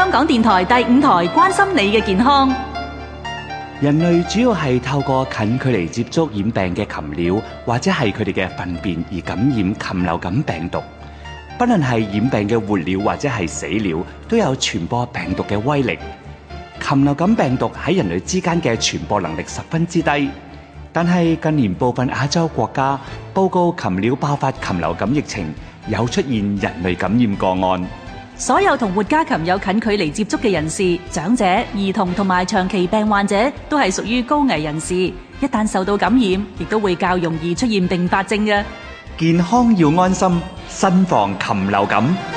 香港電台第五台，關心你嘅健康。人類主要係透過近距離接觸染病嘅禽鳥，或者係佢哋嘅糞便而感染禽流感病毒。不論係染病嘅活鳥或者係死鳥，都有傳播病毒嘅威力。禽流感病毒喺人類之間嘅傳播能力十分之低，但係近年部分亞洲國家報告禽鳥爆發禽流感疫情，有出現人類感染個案。所有同活家禽有近距離接觸嘅人士、長者、兒童同埋長期病患者都係屬於高危人士，一旦受到感染，亦都會較容易出現併發症嘅。健康要安心，慎防禽流感。